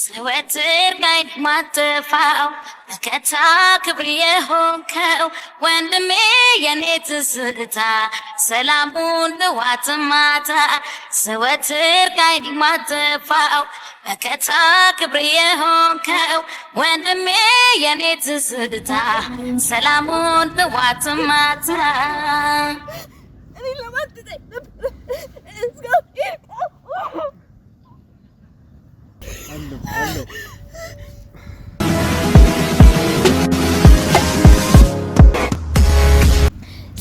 ስወትር ማይማጥፋው በከታ ክብር የሆንከው ወንድሜ የኔ ትዝታ ሰላሙን ንዋት ማታ ስወትር ማይማጥፋው በከታ ክብር የሆንከው ወንድሜ የኔ ትዝታ ሰላሙን ንዋት ማታ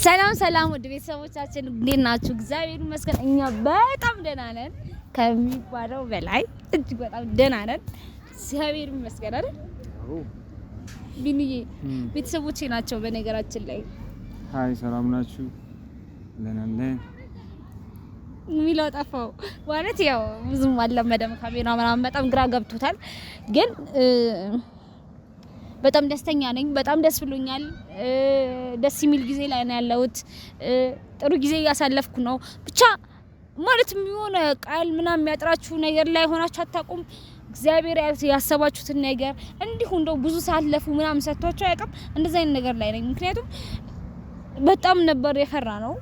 ሰላም ሰላም፣ ውድ ቤተሰቦቻችን እንዴት ናችሁ? እግዚአብሔር ይመስገን እኛ በጣም ደህና ነን፣ ከሚባለው በላይ እጅግ በጣም ደህና ነን። እግዚአብሔር ይመስገን አይደል ቢኑዬ? ቤተሰቦቼ ናቸው በነገራችን ላይ። ሀይ ሰላም ናችሁ? ደህና የሚለው ጠፋው ማለት ያው ብዙም አልለመደም ካሜራ ምናምን በጣም ግራ ገብቶታል። ግን በጣም ደስተኛ ነኝ። በጣም ደስ ብሎኛል። ደስ የሚል ጊዜ ላይ ነው ያለሁት። ጥሩ ጊዜ እያሳለፍኩ ነው። ብቻ ማለት የሚሆነ ቃል ምናምን የሚያጥራችሁ ነገር ላይ ሆናችሁ አታውቁም። እግዚአብሔር ያሰባችሁትን ነገር እንዲሁ እንደው ብዙ ሳለፉ ምናምን ሰጥቷቸው አያውቅም። እንደዚህ አይነት ነገር ላይ ነኝ። ምክንያቱም በጣም ነበር የፈራ ነው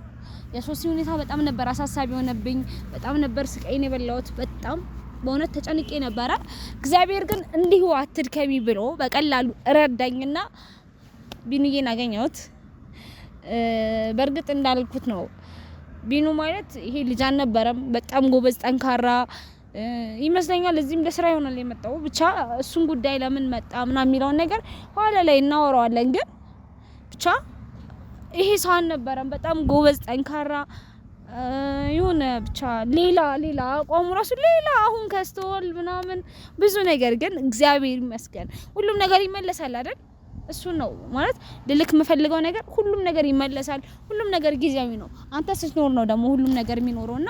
የሶሲ ሁኔታ በጣም ነበር አሳሳቢ የሆነብኝ። በጣም ነበር ስቃይን የበላሁት። በጣም በእውነት ተጨንቄ ነበረ። እግዚአብሔር ግን እንዲሁ አትድከሚ ብሎ በቀላሉ ረዳኝና ቢኑዬን አገኘሁት። በእርግጥ እንዳልኩት ነው ቢኑ ማለት ይሄ ልጅ አልነበረም። በጣም ጎበዝ፣ ጠንካራ ይመስለኛል። እዚህም ለስራ ይሆናል የመጣው ብቻ እሱን ጉዳይ ለምን መጣ ምናምን የሚለውን ነገር ኋላ ላይ እናወራዋለን ግን ብቻ ይሄ ሰው አልነበረም። በጣም ጎበዝ፣ ጠንካራ የሆነ ብቻ ሌላ ሌላ አቋሙ ራሱ ሌላ። አሁን ከስተወል ምናምን ብዙ ነገር ግን እግዚአብሔር ይመስገን ሁሉም ነገር ይመለሳል አይደል? እሱ ነው ማለት ልልክ የምፈልገው ነገር ሁሉም ነገር ይመለሳል። ሁሉም ነገር ጊዜያዊ ነው። አንተ ስትኖር ነው ደግሞ ሁሉም ነገር የሚኖረው እና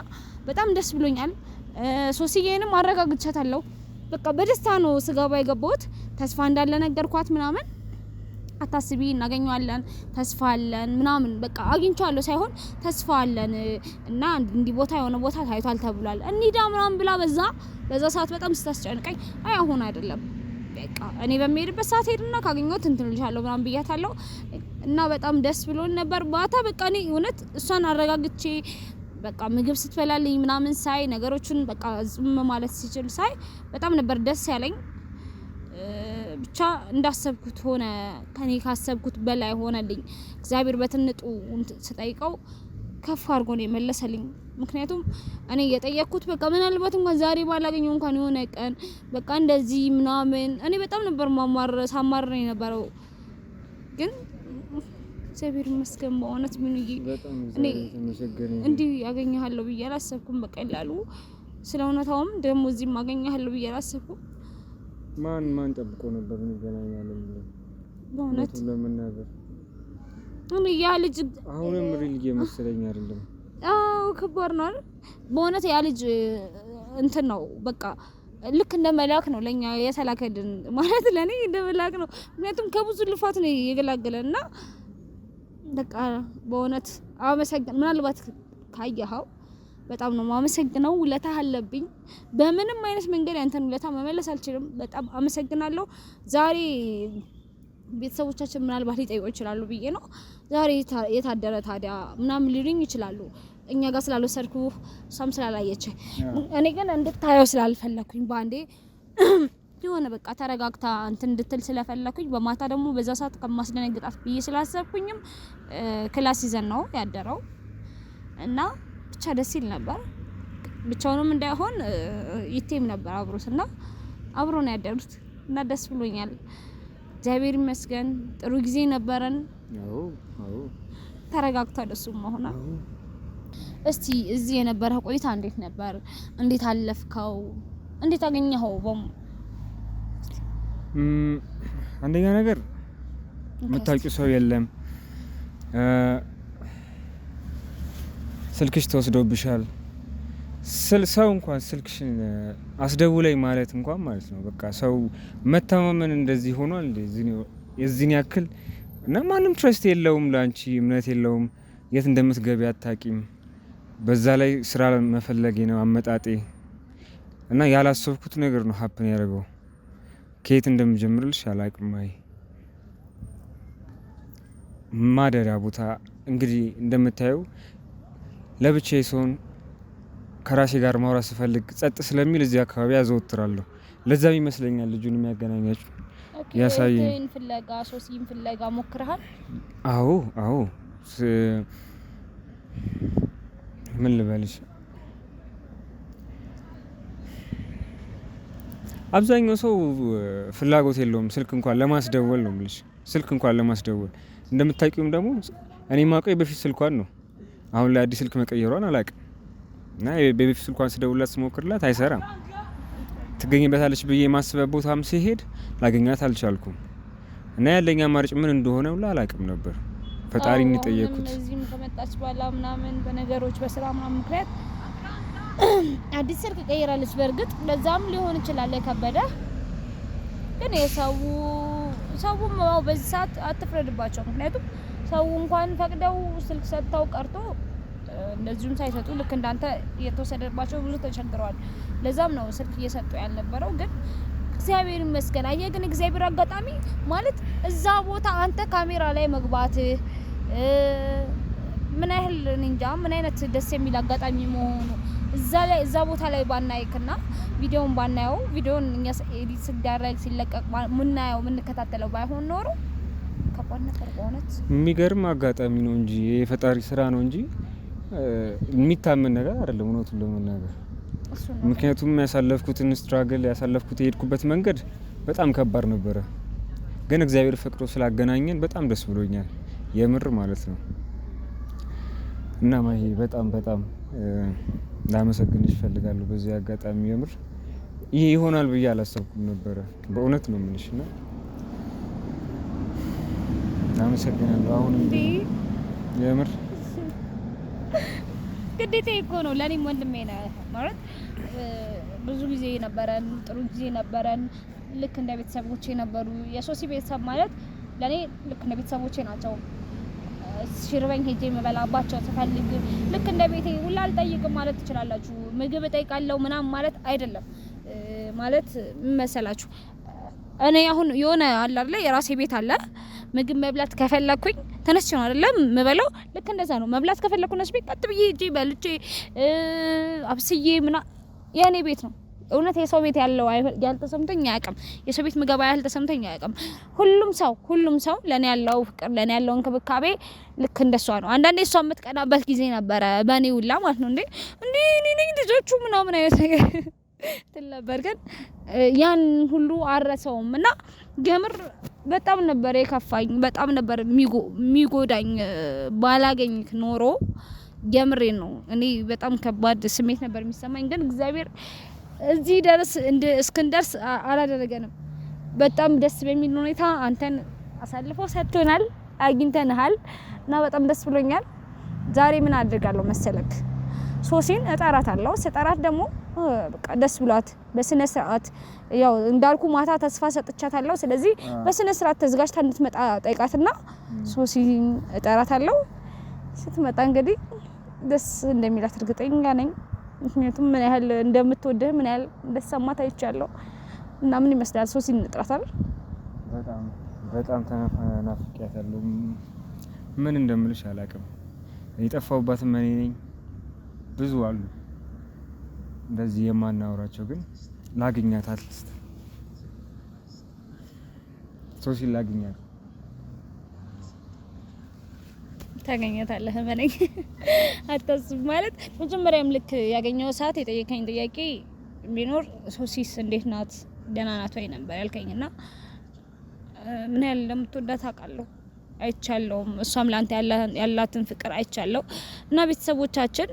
በጣም ደስ ብሎኛል። ሶስዬንም አረጋግቻታለሁ። በቃ በደስታ ነው ስገባ የገባሁት። ተስፋ እንዳለ ነገርኳት ምናምን አታስቢ፣ እናገኘዋለን፣ ተስፋ አለን ምናምን በቃ አግኝቼዋለሁ ሳይሆን ተስፋ አለን እና እንዲህ ቦታ የሆነ ቦታ ታይቷል ተብሏል እንሂዳ ምናምን ብላ በዛ በዛ ሰዓት በጣም ስታስጨንቀኝ አይ አሁን አይደለም በቃ እኔ በሚሄድበት ሰዓት ሄድና ካገኘሁት እንትን እልሻለሁ ምናምን ብያታለሁ። እና በጣም ደስ ብሎን ነበር ባታ በቃ እኔ እውነት እሷን አረጋግቼ በቃ ምግብ ስትበላልኝ ምናምን ሳይ ነገሮቹን በቃ ዝም ማለት ሲችል ሳይ በጣም ነበር ደስ ያለኝ። ብቻ እንዳሰብኩት ሆነ። ከኔ ካሰብኩት በላይ ሆነልኝ። እግዚአብሔር በትንጡ ስጠይቀው ከፍ አድርጎ ነው የመለሰልኝ። ምክንያቱም እኔ የጠየቅኩት በቃ ምናልባት እንኳን ዛሬ ባላገኘው እንኳን የሆነ ቀን በቃ እንደዚህ ምናምን እኔ በጣም ነበር ማማር ሳማር ነው የነበረው ግን እግዚአብሔር ይመስገን በእውነት ምንዬ እንዲህ ያገኘሃለሁ ብዬ አላሰብኩም። በቀላሉ ስለ እውነታውም ደግሞ እዚህም አገኘሃለሁ ብዬ አላሰብኩም። ማን ማን ጠብቆ ነበር እንገናኛለን ብለን? በእውነት ለመናገር ምን ያ ልጅ አሁንም ሪል እየመሰለኝ አይደለም። አዎ ከባድ ነው አይደል? በእውነት ያ ልጅ እንትን ነው በቃ ልክ እንደ መላክ ነው ለኛ የተላከልን ማለት ለኔ እንደ መላክ ነው። ምክንያቱም ከብዙ ልፋት ነው የገላገለና በቃ በእውነት አመሰግን ምናልባት ካየኸው በጣም ነው ማመሰግነው። ውለታ አለብኝ። በምንም አይነት መንገድ ያንተን ውለታ መመለስ አልችልም። በጣም አመሰግናለሁ። ዛሬ ቤተሰቦቻችን ምናልባት ሊጠይቁ ይችላሉ ብዬ ነው። ዛሬ የታደረ ታዲያ ምናምን ሊሉኝ ይችላሉ እኛ ጋር ስላልወሰድኩ እሷም ስላላየች፣ እኔ ግን እንድታየው ስላልፈለኩኝ በአንዴ የሆነ በቃ ተረጋግታ እንትን እንድትል ስለፈለኩኝ በማታ ደግሞ በዛ ሰዓት ከማስደነግጣት ብዬ ስላሰብኩኝም ክላስ ይዘን ነው ያደረው እና ብቻ ደስ ይል ነበር። ብቻውንም እንዳይሆን ይቴም ነበር አብሮት እና አብሮ ነው ያደሩት እና ደስ ብሎኛል። እግዚአብሔር ይመስገን ጥሩ ጊዜ ነበረን። ተረጋግቷ ደሱ መሆና። እስቲ እዚህ የነበረ ቆይታ እንዴት ነበር? እንዴት አለፍከው? እንዴት አገኘኸው? በሙ አንደኛ ነገር የምታውቂው ሰው የለም ስልክሽ ተወስዶብሻል ሰው እንኳን ስልክሽን አስደውለኝ ማለት እንኳን ማለት ነው። በቃ ሰው መተማመን እንደዚህ ሆኗል የዚህን ያክል እና ማንም ትረስት የለውም ለአንቺ እምነት የለውም። የት እንደምትገቢ አታቂም። በዛ ላይ ስራ መፈለጌ ነው አመጣጤ እና ያላሰብኩት ነገር ነው ሀፕን ያደርገው? ከየት እንደምጀምርልሽ አላቅም። ማደሪያ ቦታ እንግዲህ እንደምታየው ለብቻዬ ስሆን ከራሴ ጋር ማውራት ስፈልግ ጸጥ ስለሚል እዚህ አካባቢ አዘወትራለሁ። ለዛም ይመስለኛል ልጁን የሚያገናኛችሁ ያሳየኝ ፍለጋ ሶሲም ፍለጋ ሞክረሃል? አዎ አዎ። ምን ልበልሽ አብዛኛው ሰው ፍላጎት የለውም ስልክ እንኳን ለማስደወል ነው የምልሽ። ስልክ እንኳን ለማስደወል እንደምታውቂውም ደግሞ እኔ ማውቀው በፊት ስልኳን ነው አሁን ላይ አዲስ ስልክ መቀየሯን አላቅም እና በቤት ስልኳን ስደውላት ስሞክርላት አይሰራም። ትገኝበታለች ብዬ የማስበ ቦታም ሲሄድ ላገኛት አልቻልኩም እና ያለኝ አማራጭ ምን እንደሆነ ሁላ አላቅም ነበር። ፈጣሪ እንጠየኩት እዚህም ከመጣች በኋላ ምናምን በነገሮች በስራ ምናምን ምክንያት አዲስ ስልክ ቀይራለች። በእርግጥ ለዛም ሊሆን ይችላል የከበደ ግን የሰው ሰውም በዚህ ሰዓት አትፍረድባቸው ምክንያቱም ሰው እንኳን ፈቅደው ስልክ ሰጥተው ቀርቶ እንደዚሁም ሳይሰጡ ልክ እንዳንተ የተወሰደባቸው ብዙ ተቸግረዋል። ለዛም ነው ስልክ እየሰጡ ያልነበረው። ግን እግዚአብሔር ይመስገን ግን እግዚአብሔር አጋጣሚ ማለት እዛ ቦታ አንተ ካሜራ ላይ መግባት ምን ያህል እንጃ ምን አይነት ደስ የሚል አጋጣሚ መሆኑ እዛ ላይ እዛ ቦታ ላይ ባናይክና ቪዲዮን ባናየው ቪዲዮን እኛ ኤዲት ሲደረግ ሲለቀቅ ምናየው የምንከታተለው ባይሆን ኖሮ የሚገርም አጋጣሚ ነው እንጂ የፈጣሪ ስራ ነው እንጂ የሚታመን ነገር አይደለም። እውነቱን ለመናገር ምክንያቱም ያሳለፍኩትን ስትራግል ያሳለፍኩት የሄድኩበት መንገድ በጣም ከባድ ነበረ፣ ግን እግዚአብሔር ፈቅዶ ስላገናኘን በጣም ደስ ብሎኛል። የምር ማለት ነው እና ማ በጣም በጣም ላመሰግንሽ እፈልጋለሁ በዚህ አጋጣሚ የምር ይሄ ይሆናል ብዬ አላሰብኩም ነበረ። በእውነት ነው የምልሽ አመሰግናለሁ። አሁንም የምር ግዴታ እኮ ነው ለእኔም ወንድሜ ነው ማለት ብዙ ጊዜ ነበረን፣ ጥሩ ጊዜ ነበረን። ልክ እንደ ቤተሰቦቼ ነበሩ። የሶሲ ቤተሰብ ማለት ለእኔ ልክ እንደ ቤተሰቦቼ ናቸው። ሲርበኝ ሄጄ የምበላባቸው ስፈልግ ልክ እንደ ቤቴ ሁላ አልጠይቅም ማለት ትችላላችሁ። ምግብ እጠይቃለሁ ምናምን ማለት አይደለም። ማለት መሰላችሁ እኔ አሁን የሆነ አለ አይደለ የራሴ ቤት አለ ምግብ መብላት ከፈለኩኝ ተነስቼ ነው አይደለም የምበለው። ልክ እንደዛ ነው መብላት ከፈለኩ ነሽ ቤት ቀጥ ብዬ እጄ በልቼ አብስዬ ምና የእኔ ቤት ነው። እውነት የሰው ቤት ያለው ያህል ተሰምቶኝ አያውቅም። የሰው ቤት ምገባ ያህል ተሰምቶኝ አያውቅም። ሁሉም ሰው ሁሉም ሰው ለእኔ ያለው ፍቅር ለእኔ ያለው እንክብካቤ ልክ እንደሷ ነው። አንዳንዴ እሷ የምትቀናበት ጊዜ ነበረ በእኔ ውላ ማለት ነው። እንዴ እንዴ እኔ ነኝ ልጆቹ ምናምን አይነት ነገር ትል ነበር። ግን ያን ሁሉ አረሰውም እና ገምር በጣም ነበር የከፋኝ። በጣም ነበር የሚጎዳኝ ባላገኝ ኖሮ የምሬ ነው። እኔ በጣም ከባድ ስሜት ነበር የሚሰማኝ፣ ግን እግዚአብሔር እዚህ ደርስ እስክንደርስ አላደረገንም። በጣም ደስ በሚል ሁኔታ አንተን አሳልፎ ሰጥቶናል፣ አግኝተንሃል እና በጣም ደስ ብሎኛል። ዛሬ ምን አድርጋለሁ መሰለክ ሶሲን እጠራታለሁ። ስጠራት ደግሞ በቃ ደስ ብሏት በስነ ስርዓት ያው እንዳልኩ ማታ ተስፋ ሰጥቻት አለው። ስለዚህ በስነ ስርዓት ተዘጋጅታ እንድትመጣ ጠይቃትና ሶሲን አለው። ስትመጣ እንግዲህ ደስ እንደሚላት እርግጠኛ ነኝ። ምክንያቱም ምን ያህል እንደምትወድህ ምን ያህል እንደተሰማት አይቻለሁ። እና ምን ይመስላል ሶሲን እንጥራታለን። በጣም በጣም ተናፍቄያታለሁ። ምን እንደምልሽ አላውቅም። የጠፋሁባትም እኔ ነኝ ብዙ አሉ። እንደዚህ የማናወራቸው ግን ላግኛት አትሊስት ሶሲ ላግኛት ታገኛታለህ። በለኝ አታስብ። ማለት መጀመሪያም ልክ ያገኘው ሰዓት የጠየቀኝ ጥያቄ ቢኖር ሶሲስ እንዴት ናት ደህና ናት ወይ ነበር ያልከኝ እና ምን ያህል እንደምትወዳት አውቃለሁ አይቻለሁም። እሷም ለአንተ ያላትን ፍቅር አይቻለሁ እና ቤተሰቦቻችን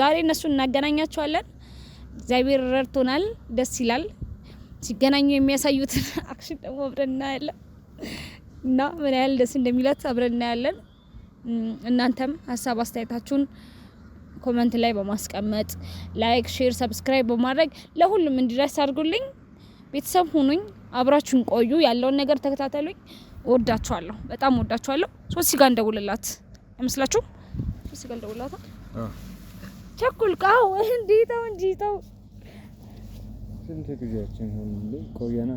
ዛሬ እነሱን እናገናኛቸዋለን። እግዚአብሔር ረድቶናል። ደስ ይላል። ሲገናኙ የሚያሳዩትን አክሽን ደግሞ አብረን እናያለን እና ምን ያህል ደስ እንደሚላት አብረን እናያለን። እናንተም ሀሳብ አስተያየታችሁን ኮመንት ላይ በማስቀመጥ ላይክ፣ ሼር፣ ሰብስክራይብ በማድረግ ለሁሉም እንዲደርስ አድርጉልኝ። ቤተሰብ ሁኑኝ፣ አብራችሁን ቆዩ፣ ያለውን ነገር ተከታተሉኝ። ወዳችኋለሁ፣ በጣም ወዳችኋለሁ። ሶስት ሲጋ እንደውልላት አይመስላችሁም? ሶስት ሲጋ እንደውልላት ቸኩልቃው እንዲተው እንጂተው ስንት ጊዜያችን ሁሉ ቆየና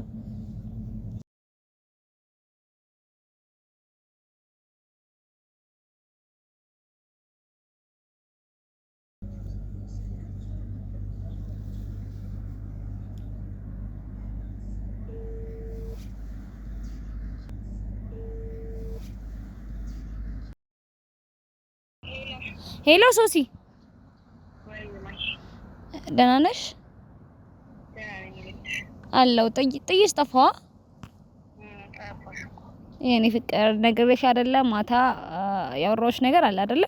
ሄሎ ሶሲ ደህና ነሽ? አለው ጥይሽ ጠፋ። የኔ ፍቅር ነግሬሽ አይደለ? ማታ ያወራሁሽ ነገር አለ አይደለ?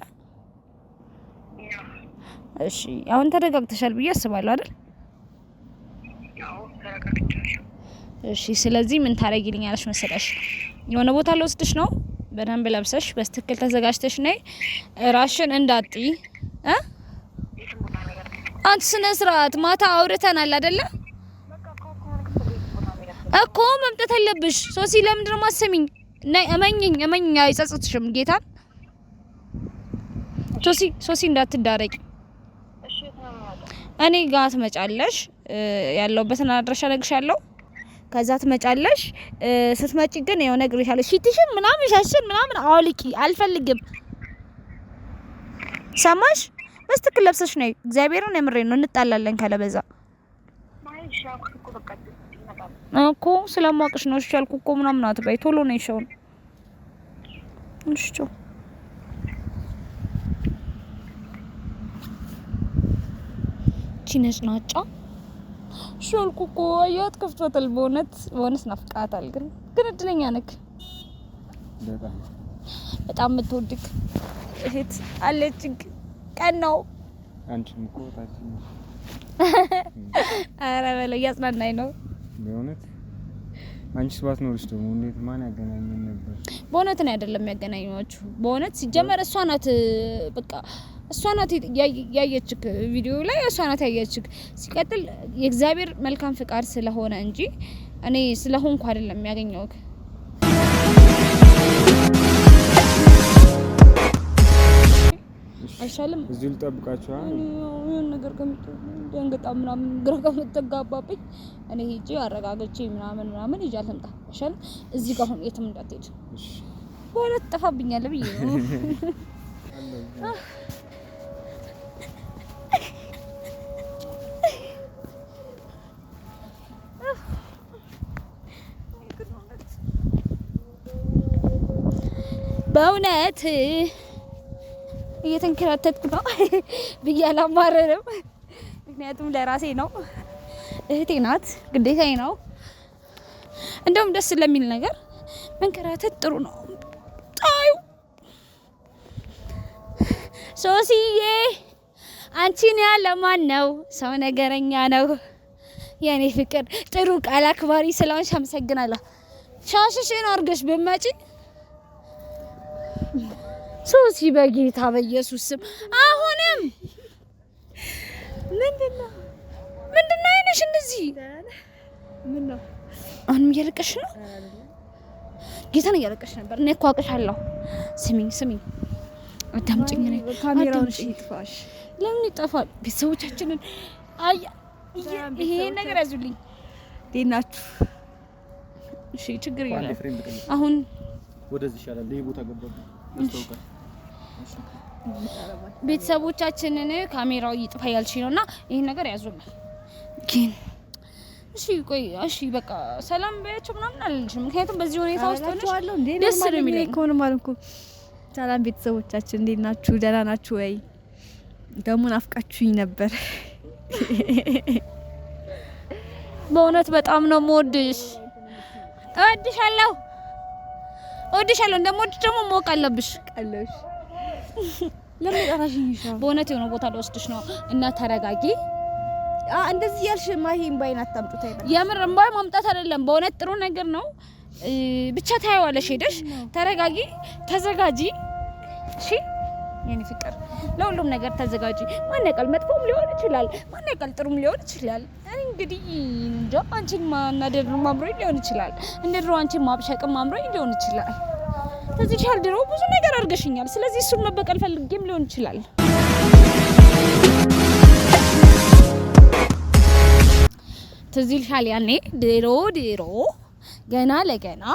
እሺ አሁን ተረጋግተሻል ብዬ አስባለሁ አይደል? እሺ ስለዚህ ምን ታደርጊልኛለሽ መሰለሽ? የሆነ ቦታ ልወስድሽ ነው። በደንብ ለብሰሽ በትክክል ተዘጋጅተሽ ነይ። ራሽን እንዳጥይ እ አንተ ስነ ስርዓት ማታ አውርተናል አይደለ? እኮ መምጣት አለብሽ ሶሲ። ለምንድን ነው የማትሰሚኝ? ናይ እመኝኝ፣ እመኝኝ አይጸጽትሽም። ጌታን ሶሲ፣ ሶሲ እንዳትዳረቂ እኔ ጋር ትመጫለሽ። ያለሁበትን አድራሻ እነግርሻለሁ። ከዛ ትመጫለሽ። ስትመጪ ግን የሆነ እነግርሻለሁ። ሽትሽን ምናምን ሻሽን ምናምን አውልቂ፣ አልፈልግም። ሰማሽ? በስትክል ለብሰሽ ነይ። እግዚአብሔርን የምሬ ነው። እንጣላለን ካለበዛ እኮ ስለማቅሽ ነው። እሺ አልኩ እኮ ምናምን አትበይ። ቶሎ ነው ይሻውን እንሽቾ ቺነች ናጫ እሺ አልኩ እኮ አያት ከፍቷታል። በእውነት በእውነት ናፍቃታል። ግን ግን እድለኛ ነክ በጣም የምትወድቅ እህት አለችግ ቀን ነው። አንቺም እኮ በለው እያጽናናኝ ነው በእውነት ደግሞ እንዴት ማን ያገናኘን ነበር? በእውነት ነው አይደለም ያገናኘኋችሁ። በእውነት ሲጀመር እሷ ናት በቃ እሷ ናት ያየችክ ቪዲዮ ላይ እሷ ናት ያየችክ። ሲቀጥል የእግዚአብሔር መልካም ፍቃድ ስለሆነ እንጂ እኔ ስለሆንኩ አይደለም ያገኘውክ። አይሻልም? እዚሁ ልጠብቃችሁ። የሆነ ነገር ደንግጣ ምናምን ግራ ከምትጋባብኝ እኔ ሂጂ አረጋግቼ ምናምን ምናምን ይዤ አልመጣ አይሻልም? እዚህ ጋር አሁን የትም እንዳትሄድ በኋላ ትጠፋብኛለህ ብዬ ነው። በእውነት እየተንከራተትኩ ነው ብዬ አላማረርም። ምክንያቱም ለራሴ ነው፣ እህቴ ናት፣ ግዴታዬ ነው። እንደውም ደስ ለሚል ነገር መንከራተት ጥሩ ነው። ጣዩ ሶሲዬ አንቺን ያለ ማን ነው? ሰው ነገረኛ ነው። የኔ ፍቅር ጥሩ ቃል አክባሪ ስለሆንሽ አመሰግናለሁ። ሻሽሽን አርገሽ ብመጪ ሶሲ በጌታ በኢየሱስ ስም አሁንም ምንድነው ምንድነው አይነሽ እንደዚህ ምነው አሁንም እያለቀሽ ነው ጌታን እያለቀሽ ነበር እኔ እኮ አውቅሻለሁ ስሚኝ ስሚኝ አዳምጪኝ ነኝ ካሜራውን እሺ ይጥፋሽ ለምን ይጠፋል ቤተሰቦቻችንን አይ ይሄ ነገር ያዙልኝ እንዴት ናችሁ እሺ ችግር የለም አሁን ወደዚህ ይሻላል ይሄ ቦታ ገባሁ ቤተሰቦቻችንን ካሜራው ይጥፋ ያልሽ ነው እና ይህን ነገር ያዙልን። ግን እሺ ቆይ እሺ በቃ ሰላም በያቸው ምናምን አልልሽም፣ ምክንያቱም በዚህ ሁኔታ ውስጥ ሆነሽ ደስ ነው የሚለኝ። ከሆነም አልኩ ሰላም ቤተሰቦቻችን፣ እንዴት ናችሁ? ደህና ናችሁ ወይ? ደግሞ ናፍቃችሁኝ ነበር። በእውነት በጣም ነው የምወድሽ። እወድሻለሁ፣ እወድሻለሁ። እንደምወድሽ ደግሞ ማወቅ አለብሽ። ቀለሽ ለምን ጠራሽኝ? ይሻላል በእውነት የሆነ ቦታ ልወስድሽ ነው እና ተረጋጊ። እንደዚህ ያልሽ ማሂ እምባይን አታምጡት። የምር እምባይ ማምጣት አይደለም፣ በእውነት ጥሩ ነገር ነው። ብቻ ታየዋለሽ። ሄደሽ ተረጋጊ፣ ተዘጋጂ። እሺ የኔ ፍቅር፣ ለሁሉም ነገር ተዘጋጂ። ማን ያውቃል መጥፎም ሊሆን ይችላል፣ ማን ጥሩም ሊሆን ይችላል። እንግዲህ እንጃ አንቺን ማናደድ ነው ሊሆን ይችላል፣ እንደ ድሮ አንቺን ማብሸቅም ማምሮኝ ሊሆን ይችላል። ከዚህ ቻል ድሮ ብዙ ነገር አድርገሽኛል። ስለዚህ እሱን መበቀል ፈልጌም ሊሆን ይችላል። ትዝ ይልሻል ያኔ ድሮ ድሮ ገና ለገና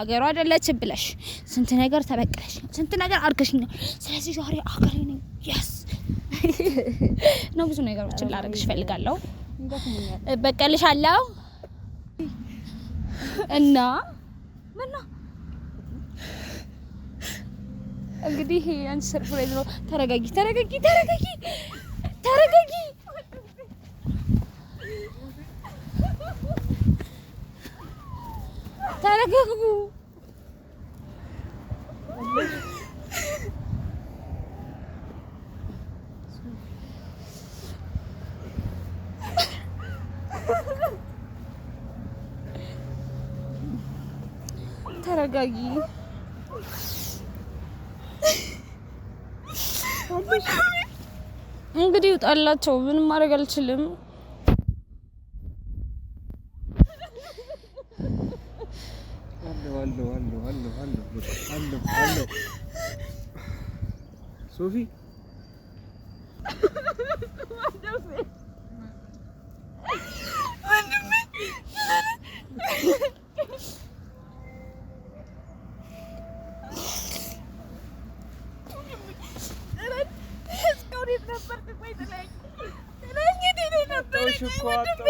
አገሩ አይደለችም ብለሽ ስንት ነገር ተበቀለሽ፣ ስንት ነገር አድርገሽኛል። ስለዚህ ዛሬ አገሬ ነኝ ያስ ነው ብዙ ነገሮችን ላደርግሽ እፈልጋለሁ። እበቀልሻለሁ እና ምነው እንግዲህ አንቺ ሰርፕራይዝ ነው። ተረጋጊ፣ ተረጋጊ፣ ተረጋጊ፣ ተረጋጊ። ተረጋጉ። ተረጋጊ እንግዲህ ይውጣላቸው። ምንም ማድረግ አልችልም። ሶፊ What the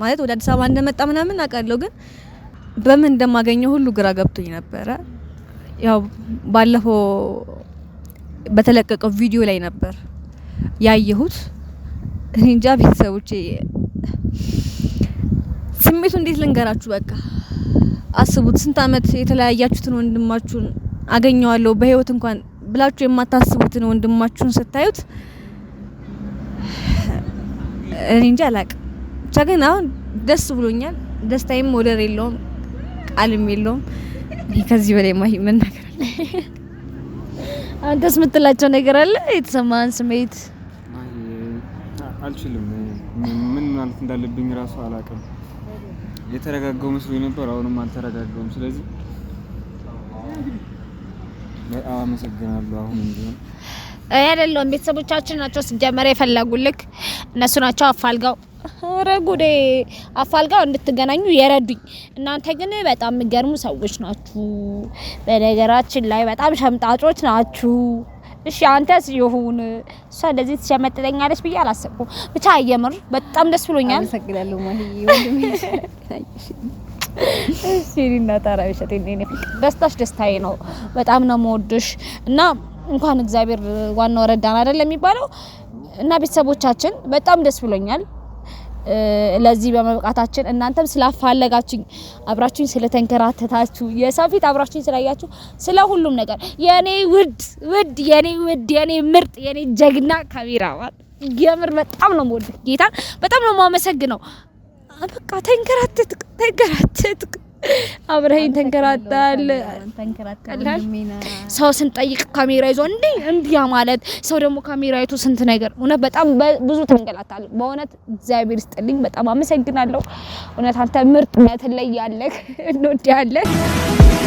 ማለት ወደ አዲስ አበባ እንደመጣ ምናምን አውቃለሁ፣ ግን በምን እንደማገኘው ሁሉ ግራ ገብቶኝ ነበረ። ያው ባለፈው በተለቀቀው ቪዲዮ ላይ ነበር ያየሁት። እንጃ ቤተሰቦቼ ስሜቱ እንዴት ልንገራችሁ። በቃ አስቡት፣ ስንት አመት የተለያያችሁትን ወንድማችሁን አገኘዋለሁ በህይወት እንኳን ብላችሁ የማታስቡትን ወንድማችሁን ስታዩት እኔ እንጂ አላቅም። ብቻ ግን አሁን ደስ ብሎኛል። ደስታዬም ወደር የለውም፣ ቃልም የለውም። ከዚህ በላይ ማ መናገር አለ። አንተስ የምትላቸው ነገር አለ? የተሰማን ስሜት አልችልም። ምን ማለት እንዳለብኝ ራሱ አላቅም። የተረጋጋው መስሎኝ ነበር፣ አሁንም አልተረጋጋውም። ስለዚህ በጣም አመሰግናለሁ። አሁን እንዲሆን አይደለም ቤተሰቦቻችን ናቸው ሲጀመር የፈለጉልክ እነሱ ናቸው። አፋልጋው ኧረ ጉዴ አፋልጋው እንድትገናኙ የረዱኝ እናንተ ግን በጣም የሚገርሙ ሰዎች ናችሁ። በነገራችን ላይ በጣም ሸምጣጮች ናችሁ። እሺ አንተስ ይሁን እሷ እንደዚህ ትሸመጥጠኛለች ብዬ አላሰብኩም። ብቻ የምር በጣም ደስ ብሎኛል። አመሰግናለሁ ማሂዬ ወንድሜ። እሺ እና ታራ ሸቴ ደስታሽ ደስታዬ ነው። በጣም ነው የምወድሽ እና እንኳን እግዚአብሔር ዋናው ረዳን አይደለም የሚባለው እና ቤተሰቦቻችን በጣም ደስ ብሎኛል። ለዚህ በመብቃታችን እናንተም ስላፋለጋችሁኝ አብራችሁኝ ስለተንከራተታችሁ የሰው ፊት አብራችሁኝ ስላያችሁ ስለ ሁሉም ነገር የኔ ውድ ውድ የኔ ውድ የኔ ምርጥ የኔ ጀግና ካሜራማን የምር በጣም ነው የምወድህ። ጌታ በጣም ነው የማመሰግነው። በቃ ተንከራተትክ ተንከራተትክ አብረኸኝ ተንከራታል ሰው ስንጠይቅ ካሜራ ይዞ እንዲ እንዲያ ማለት ሰው ደግሞ ካሜራ ይቶ ስንት ነገር እውነት በጣም ብዙ ተንገላታል። በእውነት እግዚአብሔር ይስጥልኝ፣ በጣም አመሰግናለሁ። እውነት አንተ ምርጥ ነህ፣ ትለያለህ፣ እንወዳለን።